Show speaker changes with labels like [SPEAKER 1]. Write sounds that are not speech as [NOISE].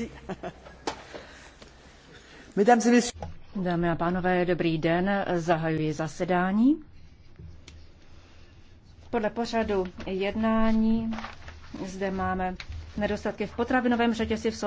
[SPEAKER 1] [LAUGHS] Dámy a pánové, dobrý den, zahajuji zasedání. Podle pořadu jednání zde máme nedostatky v potravinovém řetězci v